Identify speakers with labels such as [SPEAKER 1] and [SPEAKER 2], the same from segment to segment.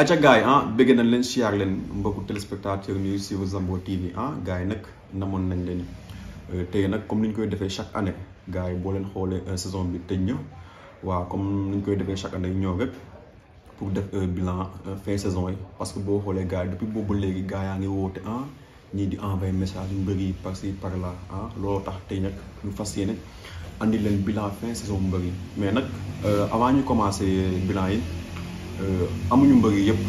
[SPEAKER 1] acca gars yi ah nañ leen siyaar leen mbokku téléspectateur ñuy suivre Zambro TV ah gars yi nag namoon nañ leen euh, tey nag comme ni ñu koy defee chaque année gars yi boo leen xoolee euh, saison bi tëj na waaw comme ni ñu koy defee chaque année ñoo rek pour def euh, bilan fin saison yi parce que boo xoolee gars yi depuis boobu léegi gars yaa ngi woote ah ñii di envoyé message yu mbër par ci par là ah looloo tax tey nag lu fas yéene andi leen bilan fin saison mbër yi mais nag avant ñu commencé bilan yi. Euh, amuñu mbër yëpp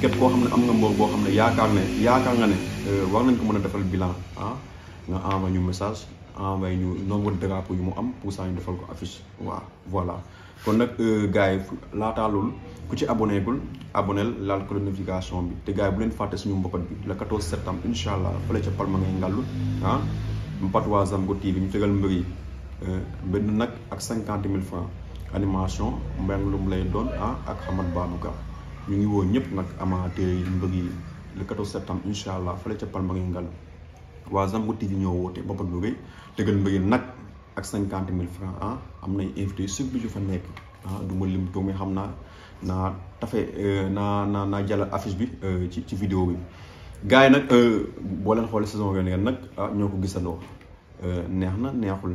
[SPEAKER 1] képp koo xam ne am nga mbër boo xam ne yaakaar ne yaakaar nga ne euh, war nañ ko mën a defal bilan ah nga envoyé ñu message envoyé ñu nombre de drapeau yu mu am pour ça ñu defal ko affice waa voilà kon nag euh, gars yi laataa loolu ku ci abonné gul aboneel laal ko notification bi te gars yi bu leen fàtte suñu mbopat bi le 14 septembre incha allah fële ca Palma ngay ngàllu ah Mpate waa Zamgo TV ñu tegal mbër yi benn nag ak cinquante mille francs animation Mbengue Loum lay doon ah ak Hamad Babouka ñu ngi woo ñëpp nag amateur yi mbëgg yi le 14 septembre incha allah fële ca Palma Ngal waa Zambro TV ñoo woote Babacar Louga dëggal mbëgg yi nag ak cinquante mille francs ah am nay invité surtout yu fa nekk ah du ma lim toog xam naa naa tafe euh, na na na jàllal affiche bi euh, ci ci vidéo bi. gars yi nag euh, boo leen xoolee saison yooyu nag ah ñoo ko gisandoo neexul.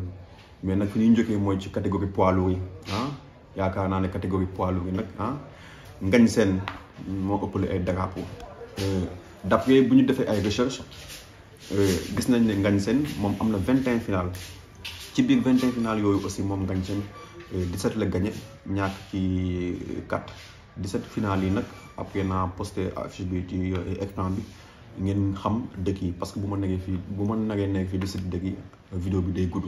[SPEAKER 1] mais nag fi ñuy njëkkee mooy ci catégorie poids lourd yi ah yaakaar naa ne catégorie poids lourd yi nag ah. ngañ seen moo ëppale ay drapeau euh, d'après bu ñu defee ay recherche euh, gis nañ ne ngañ seen moom am na vingt et un ci biir vingt et yooyu aussi moom ngañ seen 17 euh, la gagné ñàkk ci di 17 final yi nag après naa posté affiche bi ci écran bi ngeen xam dëkk yi parce que bu ma nagee fi bu ma nagee nekk fii 17 dëkk yi vidéo bi day gudd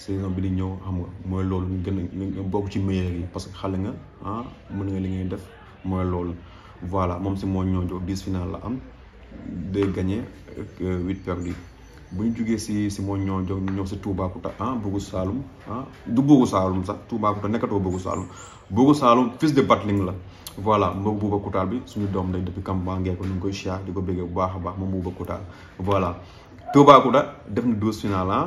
[SPEAKER 1] saison bi di ñëw xam nga mooy loolu ñu gën a bokk ci meilleur yi parce que xale nga ah mën nga li ngay def mooy loolu voilà moom si moo ñoo jox dix final la am day gagné euh, huit perdu bu ñu jógee si si moo ñoo jox ñëw si Toubacouta ah Bougou Saloum ah du Bougou saalum sax Toubacouta nekkatoo Bougou saalum Bougou Saloum fils de Batling la voilà moom Bouba Koutal bi suñu doom day depuis Kamba ngee ko ñu ngi koy siyaar bu baax a baax moom Bouba Koutal voilà Toubacouta def na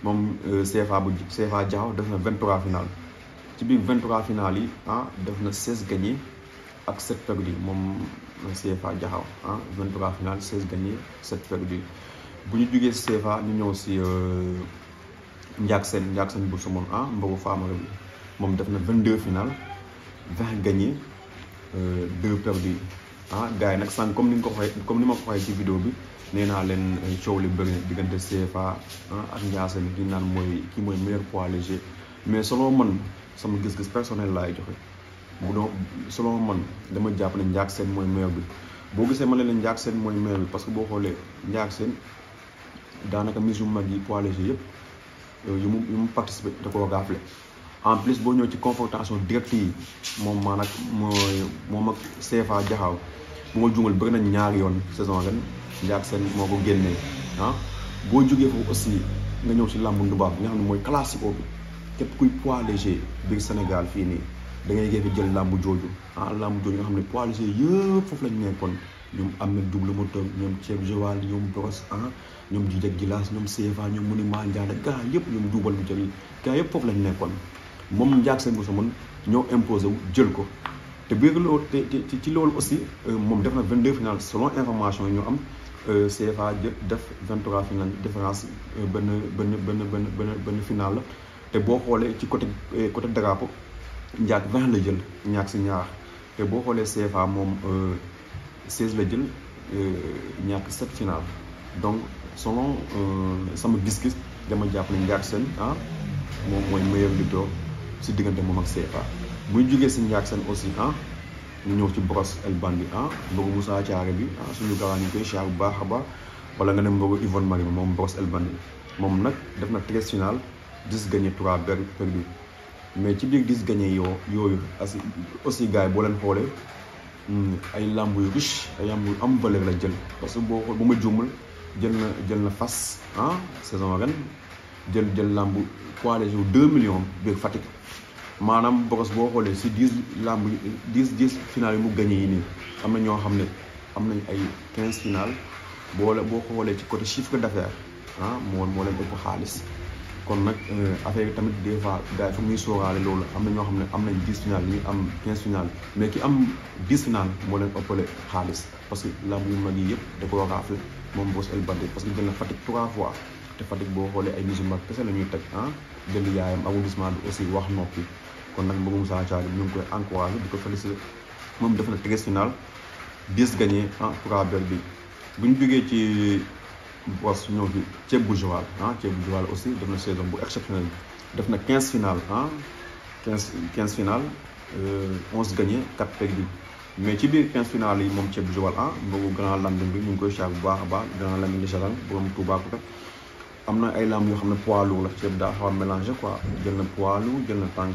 [SPEAKER 1] moom euh, CFA bu CFA jaxaw def na 23 final ci biir 23 final yi ah def na 16 gagné ak 7 perdu moom CFA Diaw ah 23 final 16 gagné 7 perdu bu ñu jugee CFA ñu ñëw si Ndiak seen Ndiak Sène bu sumoon ah mbaru Famara bi moom def na vingt 22 final 20 gagné 2 euh, perdu ah gars yi nag sànq comme ni nga ko waxee comme ni ma ko waxee ci vidéo bi. nee naa leen coow li bëri na diggante CFA ah, ak Ndiassane ki naan mooy kii mooy meilleur poids léger mais selon man sama gis-gis personnel laay joxe bu doon selon man dama jàpp ne Ndiak seen mooy meilleur bi boo gisee ma leen la Ndiak Sène mooy meilleur bi parce que boo xoolee Ndiak seen daanaka mise yu mag yi poids yëpp euh, yu mu yu mu participé da koo en plus boo ñëw ci confrontation directe yi moom maa nag mooy moom ak CFA jaxaaw bu ma jungal bëri nañ ñaari yoon saison ren Ndiack Sène moo ko génnee ah. boo jógee foofu aussi nga ñëw ci làmb ndubaab bi nga xam ne mooy classico bi képp kuy poids léger biir Sénégal fii nii da ngay gee jël làmb jooju ah làmb jooju nga xam ne poids léger yëpp foofu lañ nekkoon ñoom Ahmed Double Moteur ñoom Thieb Joal ñoom Brosse ah ñoom Djidiack Djilas ñoom Seva ñoom Monument Ndiaye gaa yëpp ñoom duubal mu jël gaa yëpp foofu lañ nekkoon moom Ndiack Sène Bousso mën ñoo imposé wu jël ko te biir loolu te ci loolu aussi euh, moom def na 22 finales selon information yi ñu am Euh, CFA def 23 final différence euh, ben ben ben ben ben benn final la te bo xolé ci côté euh, côté drapeau ñak 20 la jël ñak ci ñaar te bo xolé CFA mom 16 la jël ñak 7 final donc selon sama gis-gis dama jàpp ne njaag seen ah moom mooy meilleur lutteur ci diggante mom ak CFA bu ñu jógee si njaag seen aussi hein ñu ñëw ci brosse el bandi ah mbogu musa Thiaré bi ah suñu garani ñu koy siyaar bu baax ba wala nga ne mbogu ivon mari mom moom brosse el bandi mom nak def hmm, na 13 final 10 gagné 3 ber perdu mais ci biir 10 gagné yo yooyu as aussi gaay bo len xolé hmm ay lamb yu bish ay lamb yu am valeur la jël parce bo bu ma juumul jël na jël na fas ah saison ren kan. jël jël lamb quoi les 2 millions biir Fatick maanaam Brosse boo xoolee si dix làmb dix dix final yi mu gagné yi nii am na ñoo xam ne am nañ ay quinze final boo la boo xoolee ci côté chiffre d'affaires ah moo moo leen ëpp xaalis kon nag euh, affaire yi tamit des fois gars yi fa muy sóoraale loolu am na ñoo xam ne am nañ dix final ñi am quinze final mais ki am dix final moo leen ëppale xaalis parce que làmb yu mag yi yëpp da ko raafle moom Brosse El parce que jël na Fatick trois fois te Fatick boo xoolee ay musulman kese la ñuy teg ah jël yaayam arrondissement bi aussi wax noppi kon nag mbëggum Moussa bi ñu ngi koy encouragé di ko félicité moom def na treize final dix gagné ah trois bi bu ñu jógee ci bos ñëw ci ceeb bu Joal ah bu Joal aussi def na saison bu exceptionnel def na quinze final ah quinze quinze final euh, onze gagné quatre perdus mais ci biir quinze final yi moom ceeb bu Joal ah mbëggu grand Landing bi ñu ngi koy chaar bu baax a baax grand Landing Nijaran borom Toubacouta am na ay lamb yoo xam ne poids lourd la ceeb daa xaw a mélangé quoi jël na poids lourd jël na tànk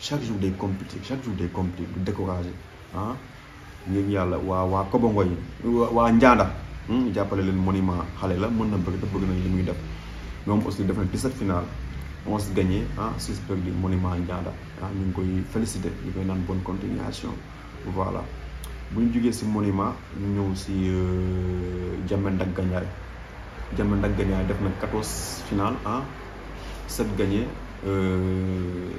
[SPEAKER 1] chaque jour des compliqué chaque jour day compliqué du découragé ah ngeen yàlla waa waa wa waa Njaanda hmm, jàppale leen monument xale la mën na bëgg te bëgg nañ li muy def moom aussi def na 17 final 11 gagné ah hein, 6 perdus monument Njaanda ah ñu ngi koy félicité ñu koy naan bonne continuation voilà bu ñu jógee si monument ñu ñëw si Diamène euh, Ndag Gandiaye Diamène Ndag Gandiaye def na 14 final ah 7 gagné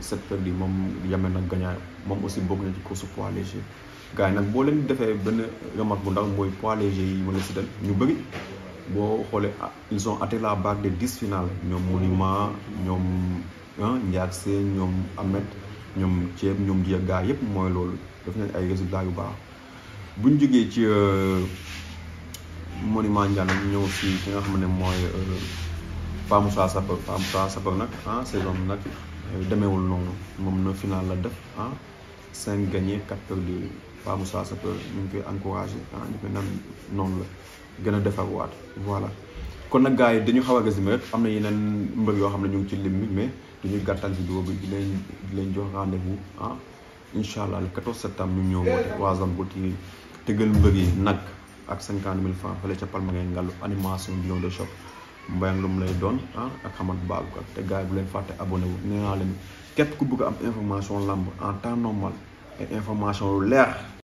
[SPEAKER 1] cette perte bi moom Yamel nag Gagna moom aussi bokk na ci course poids léger yi nag boo leen defee benn remarque bu ndax mooy poids léger yi ma la si del ñu bëri boo xoolee ah, ils ont ate la barre des dix finales ñoom Monument ñoom ah, Ndiak Sène ñoom Ahmed ñoom Thieb ñoom Dia gars yëpp mooy loolu def nañ ay résultats yu baax bu jógee ci euh, Monument Ndiané ñëw fii ki xam ne mooy. Euh, Pa Moussa Sapeur Pa Moussa Sapeur nag ah saison nak euh, demeul nonou mom na final la def hein cinq gagné quatre perdus Pa Moussa Sapeur ñu ngi koy encouragé ah ñu koy naan la gëna a defar waat voilà. kon nak gaay yi dañu xaw a résumé rek am na yeneen mbër yoo xam ñu ci lim mais dañuy gattal ci bi di leen di leen jox rendez-vous hein ah, inshallah allah le 14 septembre ñu ñëw woote waa Zambro TV tëggal mbër yi nag ak cinquante mille francs fële ca Palmarin Ngallu animation lion de shop mbayang lu mu lay doon ah ak xamat baalu ka te gars yi bu leen fàtte abonné wu nee naa leen ku bëgg am information làmb en temps normal et information lu leer